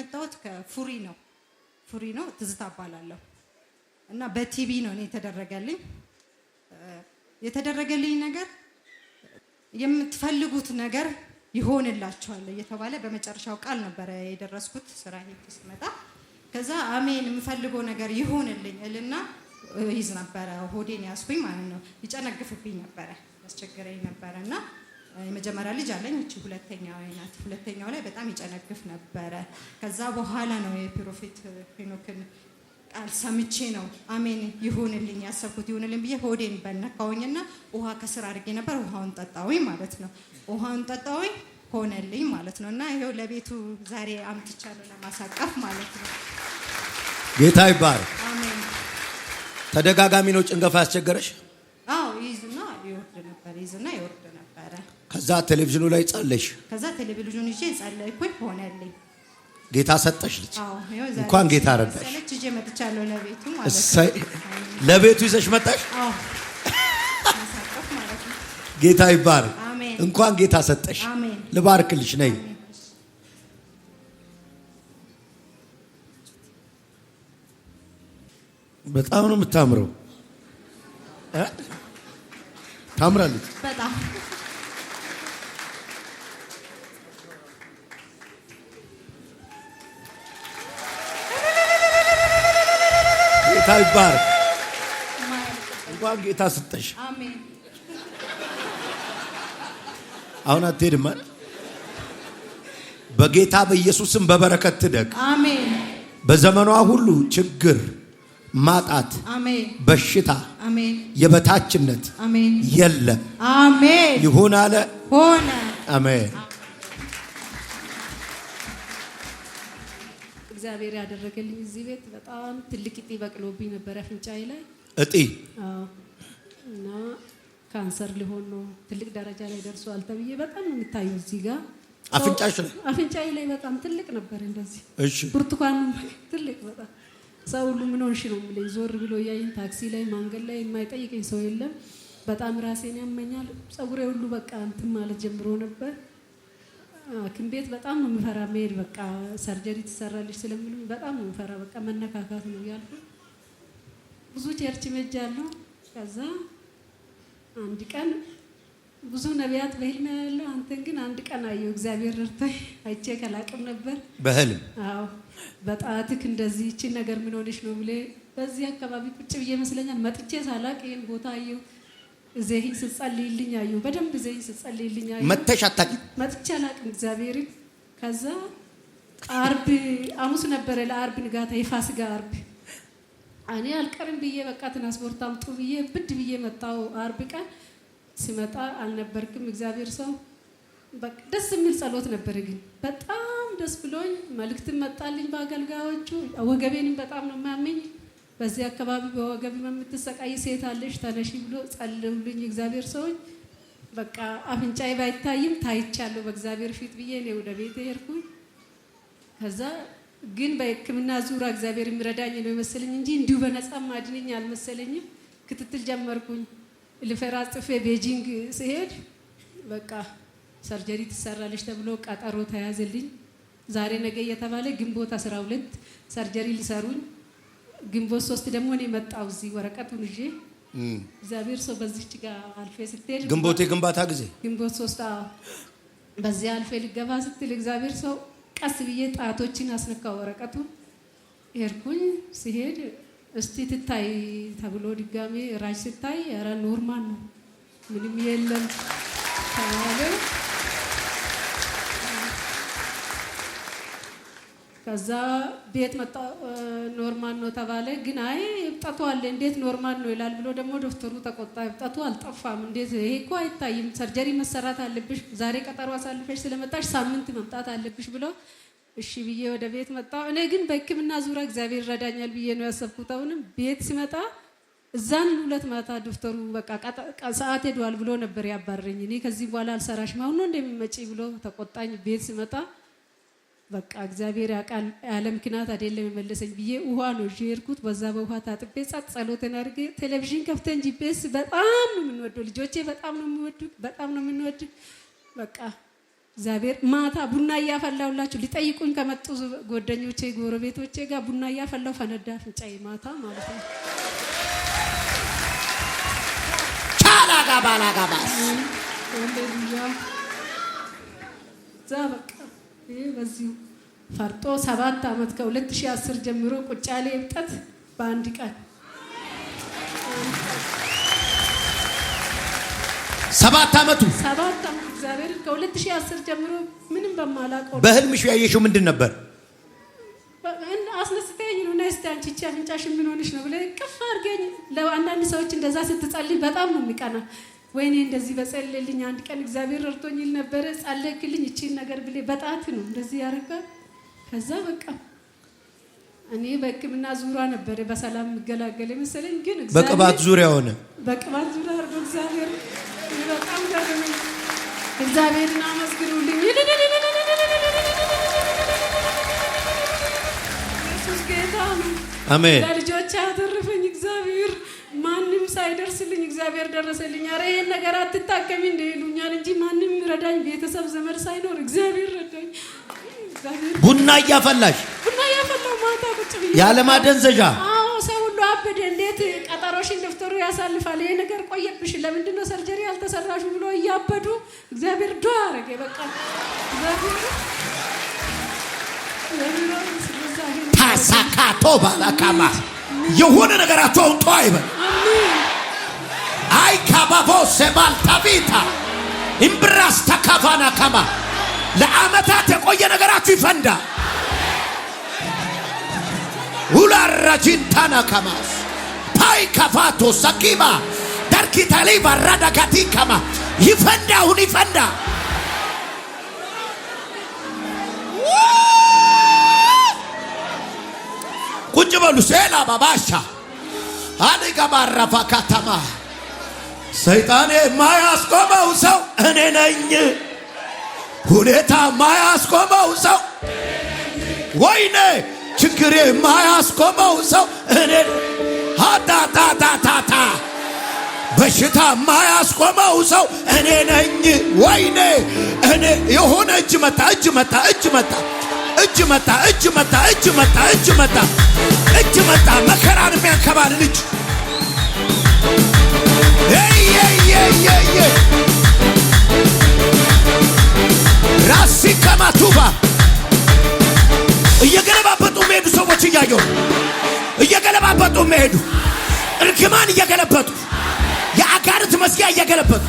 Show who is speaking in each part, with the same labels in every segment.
Speaker 1: የመጣሁት ከፉሪ ነው። ፉሪ ነው ትዝታ እባላለሁ እና በቲቪ ነው እኔ የተደረገልኝ የተደረገልኝ ነገር የምትፈልጉት ነገር ይሆንላችኋል እየተባለ በመጨረሻው ቃል ነበረ የደረስኩት። ስራ ሄድ ስትመጣ ከዛ አሜን የምፈልገው ነገር ይሆንልኝ እልና ይዝ ነበረ ሆዴን ያስኩኝ ማለት ነው። ይጨነግፍብኝ ነበረ፣ ያስቸግረኝ ነበረ እና የመጀመሪያ ልጅ አለኝ። እቺ ሁለተኛ ናት። ሁለተኛው ላይ በጣም ይጨነግፍ ነበረ። ከዛ በኋላ ነው የፕሮፌት ሄኖክን ቃል ሰምቼ ነው አሜን ይሁንልኝ ያሰብኩት ይሁንልኝ ብዬ ሆዴን በነካውኝና ውሃ ከስር አድርጌ ነበር። ውሃውን ጠጣውኝ ማለት ነው። ውሃውን ጠጣውኝ ሆነልኝ ማለት ነው። እና ይኸው ለቤቱ ዛሬ አምጥቻለሁ ለማሳቀፍ ማለት ነው።
Speaker 2: ጌታ ይባረክ። አሜን። ተደጋጋሚ ነው ጭንገፋ ያስቸገረሽ?
Speaker 1: አዎ ይይዝና ይወርድ ነበር፣ ይዝና ይወርድ
Speaker 2: ከዛ ቴሌቪዥኑ ላይ ጸለሽ።
Speaker 1: ከዛ ቴሌቪዥኑ ይዤ ጸለይኩኝ፣ ሆነልኝ።
Speaker 2: ጌታ ሰጠሽ ልጅ። እንኳን ጌታ ረዳሽ። ለቤቱ ይዘሽ መጣሽ። ጌታ ይባርክ። እንኳን ጌታ ሰጠሽ። ልባርክልሽ። ነይ በጣም ነው የምታምረው። ታምራለች በጣም ጌታ ይባረክ። እንኳን ጌታ ስጠሽ። አሁን አትሄድም በጌታ በኢየሱስም በበረከት ትደግ። በዘመኗ ሁሉ ችግር፣ ማጣት፣ በሽታ፣ የበታችነት የለም። ይሁን አለ ሆነ። አሜን።
Speaker 1: እግዚአብሔር ያደረገልኝ እዚህ ቤት በጣም ትልቅ እጢ በቅሎብኝ ነበረ አፍንጫዬ ላይ እጢ እና ካንሰር ሊሆን ነው ትልቅ ደረጃ ላይ ደርሷል ተብዬ በጣም ነው የሚታየው እዚህ ጋር አፍንጫሽ ላይ አፍንጫዬ ላይ በጣም ትልቅ ነበር እንደዚህ። እሺ ብርቱካን ትልቅ በጣም ሰው ሁሉ ምን ሆንሽ ነው የሚለኝ። ዞር ብሎ እያየኝ ታክሲ ላይ ማንገድ ላይ የማይጠይቀኝ ሰው የለም። በጣም ራሴን ያመኛል። ፀጉሬ ሁሉ በቃ እንትን ማለት ጀምሮ ነበር። ሐኪም ቤት በጣም ነው የምፈራ መሄድ። በቃ ሰርጀሪ ትሰራለች ስለሚሉ በጣም ነው የምፈራ። በቃ መነካካት ነው ያልኩ። ብዙ ቸርች ሄጃለሁ። ከዛ አንድ ቀን ብዙ ነቢያት በህልም ያለው አንተን ግን አንድ ቀን አየሁ። እግዚአብሔር ረድቶኝ አይቼ ከላቅም ነበር በህልም። አዎ በጣትክ እንደዚህ ይቺን ነገር ምን ሆነሽ ነው ብሌ በዚህ አካባቢ ቁጭ ብዬ መስለኛል መጥቼ ሳላቅ ይህን ቦታ አየሁ። እዚህን ስጸልይልኝ አየሁ። በደንብ እዚህን ስጸልይልኝ አየሁ።
Speaker 2: መተሽ አታውቂም?
Speaker 1: መጥቼ አላውቅም። እግዚአብሔርን ከዛ አርብ ሐሙስ ነበረ ለአርብ ንጋታ የፋሲካ አርብ እኔ አልቀርም ብዬ በቃ ትራንስፖርት አምጡ ብዬ ብድ ብዬ መጣሁ። አርብ ቀን ስመጣ አልነበርክም። እግዚአብሔር ሰው ደስ የሚል ጸሎት ነበር፣ ግን በጣም ደስ ብሎኝ መልእክትን መጣልኝ በአገልጋዮቹ። ወገቤንም በጣም ነው የሚያመኝ በዚህ አካባቢ በወገብ የምትሰቃይ ሴት አለሽ ተነሺ ብሎ ጸልምልኝ እግዚአብሔር ሰዎች በቃ አፍንጫዬ ባይታይም ታይቻለሁ በእግዚአብሔር ፊት ብዬ እኔ ወደ ቤት ሄድኩኝ። ከዛ ግን በሕክምና ዙራ እግዚአብሔር የሚረዳኝ ነው የመሰለኝ እንጂ እንዲሁ በነፃ ማድንኝ አልመሰለኝም። ክትትል ጀመርኩኝ። ልፈራ ጽፌ ቤጂንግ ስሄድ በቃ ሰርጀሪ ትሰራለች ተብሎ ቀጠሮ ተያዘልኝ። ዛሬ ነገ እየተባለ ግንቦት አስራ ሁለት ሰርጀሪ ሊሰሩኝ ግንቦት ሶስት ደግሞ እኔ መጣሁ እዚህ ወረቀቱን ይዤ እግዚአብሔር ሰው በዚች ጋር አልፌ ስትሄድ
Speaker 2: ግንቦቴ ግንባታ ጊዜ
Speaker 1: ግንቦት ሶስት በዚያ አልፌ ልገባ ስትል እግዚአብሔር ሰው ቀስ ብዬ ጣቶችን አስነካው ወረቀቱን ሄድኩኝ። ሲሄድ እስቲ ትታይ ተብሎ ድጋሜ ራጅ ስታይ ኧረ ኖርማል ነው ምንም የለም ተባለ። ከዛ ቤት መጣ። ኖርማል ነው ተባለ። ግን አይ እብጠቱ አለ እንዴት ኖርማል ነው ይላል ብሎ ደግሞ ዶክተሩ ተቆጣ። እብጠቱ አልጠፋም እንዴት ይሄ እኮ አይታይም፣ ሰርጀሪ መሰራት አለብሽ። ዛሬ ቀጠሮ አሳልፈሽ ስለመጣሽ ሳምንት መምጣት አለብሽ ብሎ እሺ ብዬ ወደ ቤት መጣ። እኔ ግን በሕክምና ዙሪያ እግዚአብሔር ረዳኛል ብዬ ነው ያሰብኩት። አሁንም ቤት ሲመጣ እዛን ሁለት ማታ ዶክተሩ በቃ ሰዓት ሄደዋል ብሎ ነበር ያባረኝ። እኔ ከዚህ በኋላ አልሰራሽም አሁን ነው እንደሚመጪ ብሎ ተቆጣኝ። ቤት ሲመጣ በቃ እግዚአብሔር ያውቃል ያለ ምክንያት አይደለም የመለሰኝ ብዬ ውሃ ነው እሺ የሄድኩት። በዛ በውሃ ታጥቤ ጸጥ ጸሎትን አድርጌ ቴሌቪዥን ከፍተን ጂፒኤስ በጣም ነው የምንወደው። ልጆቼ በጣም ነው የሚወዱት፣ በጣም ነው የምንወድ በቃ እግዚአብሔር ማታ ቡና እያፈላሁላችሁ ሊጠይቁኝ ከመጡ ጓደኞቼ፣ ጎረቤቶቼ ጋር ቡና እያፈላሁ ፈነዳ አፍንጫዬ ማታ ማለት ነው። ቻላጋ ዛ በቃ በዚሁ ፈርጦ ሰባት ዓመት ከ2010 ጀምሮ ቁጫሌ እብጠት በአንድ ቀን ሰባት ዓመቱ ሰባት ዓመት እግዚአብሔር ከ2010 ጀምሮ ምንም በማላውቀው
Speaker 2: በህልምሽ ያየሽው ምንድን ነበር?
Speaker 1: አስነስተኝ ነው እና እስቲ አንቺ አፍንጫሽ ምን ሆነሽ ነው ብለህ ቅፍ አድርገኝ። ለአንዳንድ ሰዎች እንደዛ ስትጸልይ በጣም ነው የሚቀና ወይኔ እንደዚህ በጸልልኝ አንድ ቀን እግዚአብሔር ረድቶኝ ይል ነበረ ጸለይክልኝ እቺን ነገር ብሌ በጣት ነው እንደዚህ ያደርጋል። ከዛ በቃ እኔ በህክምና ዙሪያ ነበረ በሰላም የምገላገል የመሰለኝ ግን
Speaker 2: በቅባት ዙሪያ ሆነ።
Speaker 1: በቅባት ዙሪያ አድርጎ እግዚአብሔር በጣም ገርመ እግዚአብሔርን አመስግኑልኝ። ኢየሱስ ጌታ ነው። አሜን። ለልጆች እግዚአብሔር ማንም ሳይደርስልኝ እግዚአብሔር ደረሰልኝ። አረ ይህን ነገር አትታከሚ እንደሄዱኛል እንጂ ማንም ረዳኝ፣ ቤተሰብ ዘመድ ሳይኖር እግዚአብሔር ረዳኝ።
Speaker 2: ቡና እያፈላሽ
Speaker 1: ቡና እያፈላሁ ማታ ቁጭ ብዬ
Speaker 2: ያለማደንዘዣ
Speaker 1: ሰው ሁሉ አብድ እንዴት ቀጠሮሽን ደፍተሩ ያሳልፋል። ይሄ ነገር ቆየብሽ፣ ለምንድን ነው ሰርጀሪ ያልተሰራሹ ብሎ እያበዱ እግዚአብሔር ዶ አረገ። በቃ
Speaker 2: ታሳካቶ ባላካማ የሆነ ነገራቸው አሁን ተዋ ይበል። አይ ካባቦ ሴባልታቢታ ኢምብራስ ተካፋና ከማ ለአመታት የቆየ ነገራችሁ ይፈንዳ። ሁላራጂንታና ከማስ ፓይ ከፋቶ ሰኪማ ደርኪተሊ ባራዳጋቲ ከማ ይፈንዳ፣ አሁን ይፈንዳ። ቁጭ በሉ። ሴላ ባባሻ አሊጋ ባራፋ ከተማ ሰይጣን የማያስቆመው ሰው እኔ ነኝ። ሁኔታ የማያስቆመው ሰው ወይኔ ችግሬ የማያስቆመው ሰው እኔ ሀታታታታታ በሽታ የማያስቆመው ሰው እኔ ነኝ። ወይኔ እኔ የሆነ እጅ መታ እጅ መታ እጅ መታ እጅ መታ እጅ መታ እጅ መታ እጅ መታ እጅ መጣ መከራን የሚያከባል ልጅ ራሲ ከማቱባ እየገለባበጡ መሄዱ ሰዎች እያየው እየገለባበጡ መሄዱ እርግማን እየገለበጡ የአጋርት መዝጊያ እየገለበጡ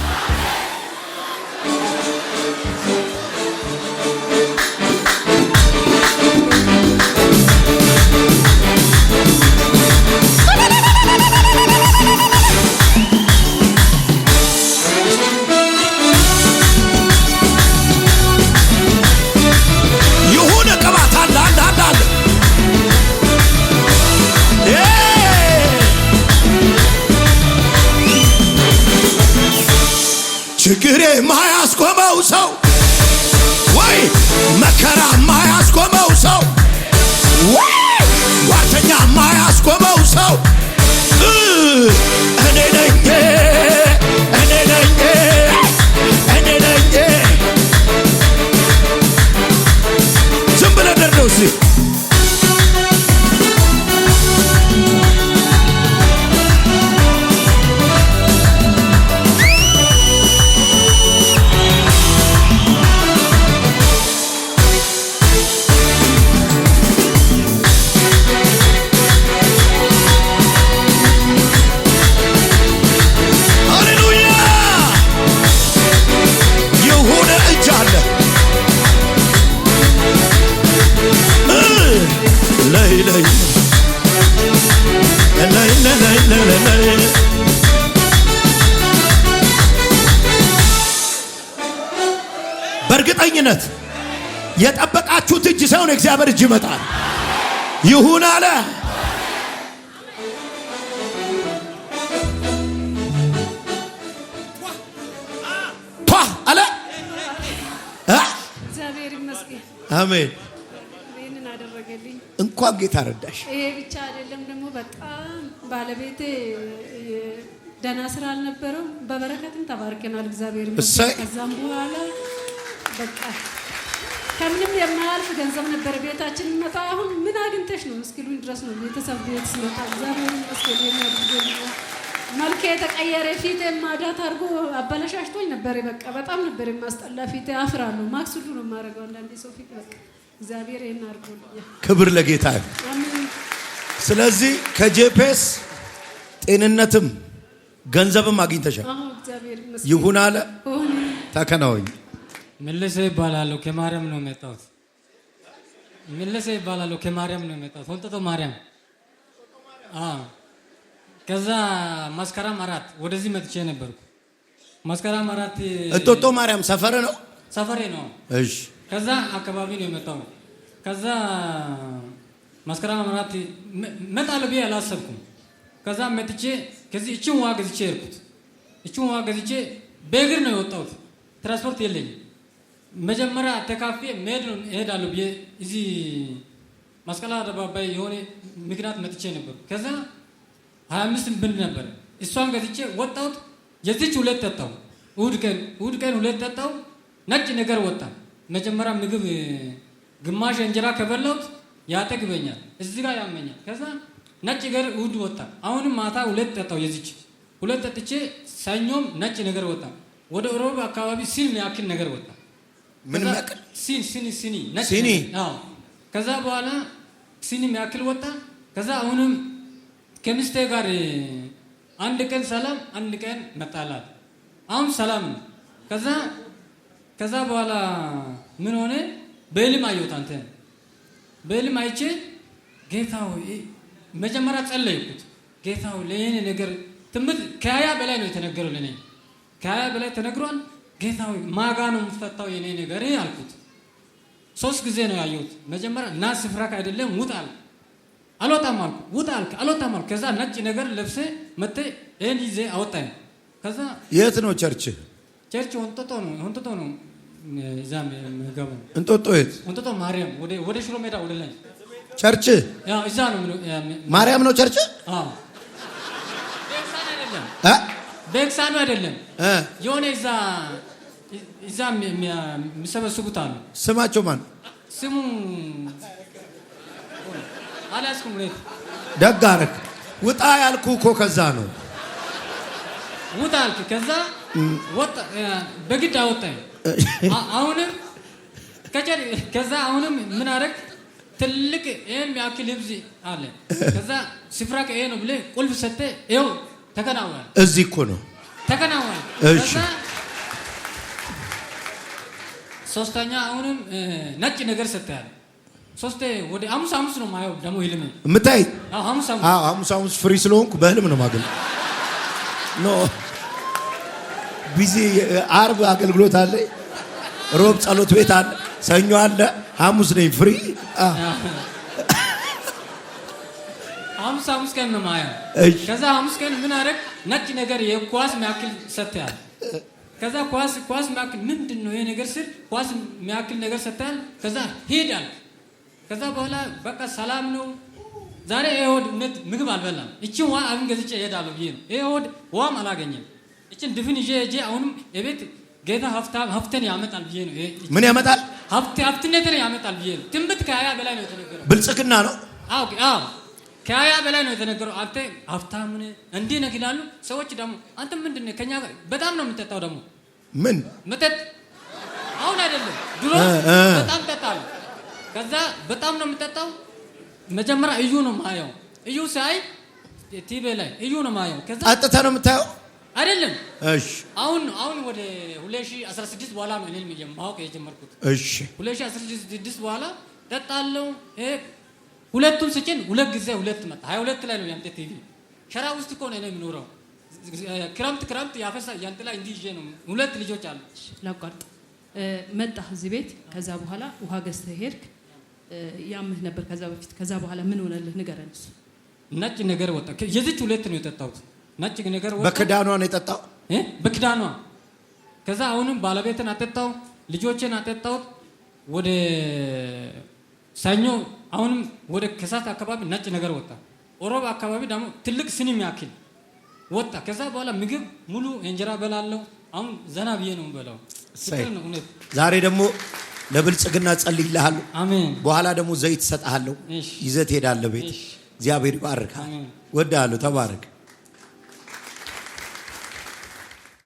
Speaker 2: ሰው የጠበቃችሁት እጅ ሳይሆን እግዚአብሔር እጅ ይመጣል። ይሁን አለ። አሜን።
Speaker 1: ይህንን አደረገልኝ
Speaker 2: እንኳን ጌታ ረዳሽ።
Speaker 1: ይሄ ብቻ አይደለም ደግሞ በጣም ባለቤቴ ደህና ስራ አልነበረው። በበረከትም ተባርከናል። እግዚአብሔር ከዛም በኋላ በቃ ከምንም የማያልፍ ገንዘብ ነበር ቤታችን መጣ። አሁን ምን አግኝተሽ ነው እስኪሉኝ ድረስ ነው ቤተሰብ ቤት ስመጣ እግዚአብሔር ይመስገን የሚያድርገ መልክ የተቀየረ ፊት ማዳት አድርጎ አበለሻሽቶኝ ነበር። በቃ በጣም ነበር የማስጠላ ፊት አፍራለሁ። ማክስ ሁሉ ነው የማደርገው አንዳንዴ ሰው ፊት በቃ እግዚአብሔር ይህን አድርጎ
Speaker 2: ክብር ለጌታ። ስለዚህ ከጄፔስ ጤንነትም ገንዘብም አግኝተሻል። ይሁን አለ ተከናወኝ
Speaker 3: መለሰ ይባላሉ። ከማርያም ነው የመጣሁት። መለሰ ይባላሉ። ከማርያም ነው የመጣሁት። ወልጠቶ ማርያም። አዎ። ከዛ መስከረም አራት ወደዚህ መጥቼ ነበርኩ። መስከረም አራት
Speaker 2: እጦጦ ማርያም ሰፈር ነው ሰፈሬ ነው። እሺ።
Speaker 3: ከዛ አካባቢ ነው የመጣሁት። ከዛ መስከረም አራት መጣለሁ ብዬ አላሰብኩም። ከዛ መጥቼ ከዚህ እችን ዋገዝቼ ሄድኩት። እችን ዋገዝቼ በእግር ነው የወጣሁት። ትራንስፖርት የለኝም መጀመሪያ ተካፌ መሄድ ነው እሄዳለሁ ብዬ እዚህ መስቀል አደባባይ የሆነ ምክንያት መጥቼ ነበር። ከዛ ሀያ አምስት ብር ነበር እሷን ገዝቼ ወጣሁት። የዚች ሁለት ጠጣሁ። እሑድ ቀን እሑድ ቀን ሁለት ጠጣሁ። ነጭ ነገር ወጣ። መጀመሪያ ምግብ ግማሽ እንጀራ ከበላሁት ያጠግበኛል፣ እዚህ ጋር ያመኛል። ከዛ ነጭ ነገር እሑድ ወጣ። አሁንም ማታ ሁለት ጠጣሁ። የዚች ሁለት ጠጥቼ ሰኞም ነጭ ነገር ወጣ። ወደ ሮብ አካባቢ ሲል ያክል ነገር ወጣ። ምን ሲኒ ሲኒ ሲኒ ሲኒ። አዎ ከዛ በኋላ ሲኒ ያክል ወጣ። ከዛ አሁንም ከሚስቴ ጋር አንድ ቀን ሰላም፣ አንድ ቀን መጣላት። አሁን ሰላም ነው። ከዛ ከዛ በኋላ ምን ሆነ? በህልም አየሁት አንተ በህልም አይቼ ጌታ ሆይ መጀመሪያ ጸለይኩት። ጌታ ሆይ ለይህን ነገር ትምህርት ከሀያ በላይ ነው የተነገረው ለእኔ ከሀያ በላይ ተነግሯል። ጌታዊ ማጋ ነው የምትፈታው የኔ ነገር አልኩት። ሶስት ጊዜ ነው ያየሁት። መጀመሪያ ና ስፍራክ አይደለም ውጣ አልኩ። አልወጣም አልኩ። ውጣ አልክ። አልወጣም አልኩ። ከዛ ነጭ ነገር ለብሴ መተ ይህን ይዜ አወጣኝ። ከዛ
Speaker 2: የት ነው ቸርች?
Speaker 3: ቸርች ወንጦጦ ነው። ወንጦጦ ነው እዛ ገባ። እንጦጦ የት? እንጦጦ ማርያም ወደ ሽሮ ሜዳ ወደ ላይ ቸርች እዛ ነው።
Speaker 2: ማርያም ነው ቸርች።
Speaker 3: ቤክሳን አይደለም። ቤክሳን አይደለም የሆነ እዛ እዛ የሚሰበስቡት አሉ። ስማቸው ማን? ስሙ አላስኩም።
Speaker 2: ደግ አደረክ። ውጣ ያልኩ እኮ ከዛ ነው።
Speaker 3: ውጣ አልክ፣ ከዛ በግድ አወጣኝ። አሁንም ከዛ አሁንም ምን አደረግ ትልቅ ይህም ያክል ህብዝ አለ። ከዛ ስፍራ ይሄ ነው ብለህ ቁልፍ ሰጥተህ ይኸው ተከናወናል።
Speaker 2: እዚህ እኮ ነው ተከናወናል።
Speaker 3: ሶስተኛ አሁንም ነጭ ነገር ሰጥተሃል። ሶስቴ ወደ ሐሙስ ሐሙስ ነው ማየው ደግሞ ህልም የምታይ አዎ፣ ሐሙስ ሐሙስ
Speaker 2: አዎ፣ ሐሙስ ሐሙስ ፍሪ ስለሆንኩ በህልም ነው ማገል ኖ ቢዚ አርብ አገልግሎት አለ፣ ሮብ ጸሎት ቤት አለ፣ ሰኞ አለ፣ ሐሙስ ነኝ ፍሪ።
Speaker 3: ሐሙስ ሐሙስ ቀን ነው ማየው። ከዛ ሐሙስ ቀን ምን አደረግ ነጭ ነገር የኳስ ያክል ሰጥተሃል ከዛ ኳስ ኳስ ማክል ምንድን ነው ይሄ ነገር ስል ኳስ የሚያክል ነገር ሰጥታል። ከዛ ሄዳል። ከዛ በኋላ በቃ ሰላም ነው። ዛሬ ይሄ ሆድ እውነት ምግብ አልበላም። እችን ዋ አብን ገዝቼ እሄዳለሁ ብዬ ነው። ይሄ ሆድ ዋም አላገኘም። እችን ድፍን ይዤ ሄጄ አሁንም የቤት ጌታ ሀብትን ያመጣል ብዬ ነው። ምን ያመጣል? ሀብትነትን ያመጣል ብዬ ነው። ትንብት ከሀያ በላይ ነው የተነገረው።
Speaker 2: ብልጽግና ነው።
Speaker 3: አዎ አዎ ከሀያ በላይ ነው የተነገረው። አንተ ሀብታም ነህ እንዲህ ነህ ይላሉ ሰዎች። ደግሞ አንተ ምንድን ነህ በጣም ነው የምጠጣው ደግሞ ምን መጠጥ አሁን አይደለም፣ ድሮ በጣም ጠጣለሁ። ከዛ በጣም ነው የምጠጣው። መጀመሪያ እዩ ነው ማየው። እዩ ሳይ ቲቪ ላይ እዩ ነው ማየው።
Speaker 2: ከዛ አጥታ ነው የምታየው አይደለም። እሺ
Speaker 3: አሁን አሁን ወደ 2016 በኋላ ነው እኔ ማወቅ የጀመርኩት። እሺ 2016 በኋላ ጠጣለው ሁለቱም ስጭን ሁለት ጊዜ ሁለት መጣ 22 ላይ ነው ያንተ ቲቪ ሸራ ውስጥ እኮ ነው የሚኖረው። የምኖረው ክረምት ክረምት ያፈሳ ጃንጥላ እንዲህ ነው። ሁለት ልጆች አሉች።
Speaker 1: ላቋርጥ መጣህ እዚህ ቤት፣ ከዛ በኋላ ውሃ ገዝተህ ሄድክ። ያምህ ነበር ከዛ በፊት። ከዛ በኋላ ምን ሆነልህ ንገረን። እሱ
Speaker 3: ነጭ ነገር ወጣ። የዚች ሁለት ነው የጠጣሁት። ነጭ ነገር ወጣ።
Speaker 2: በክዳኗ ነው የጠጣው፣
Speaker 3: በክዳኗ። ከዛ አሁንም ባለቤትን አጠጣው፣ ልጆችን አጠጣሁት። ወደ ሰኞ አሁንም ወደ ከሳት አካባቢ ነጭ ነገር ወጣ። ኦሮብ አካባቢ ደግሞ ትልቅ ስኒ ያክል ወጣ። ከዛ በኋላ ምግብ ሙሉ እንጀራ በላለው። አሁን ዘና ብዬ ነው በላው።
Speaker 2: ዛሬ ደግሞ ለብልጽግና ጸልይልሃለሁ። በኋላ ደግሞ ዘይት ሰጥሃለሁ። ይዘት ሄዳለሁ ቤት። እግዚአብሔር ይባርካል። ወዳለሁ። ተባረክ።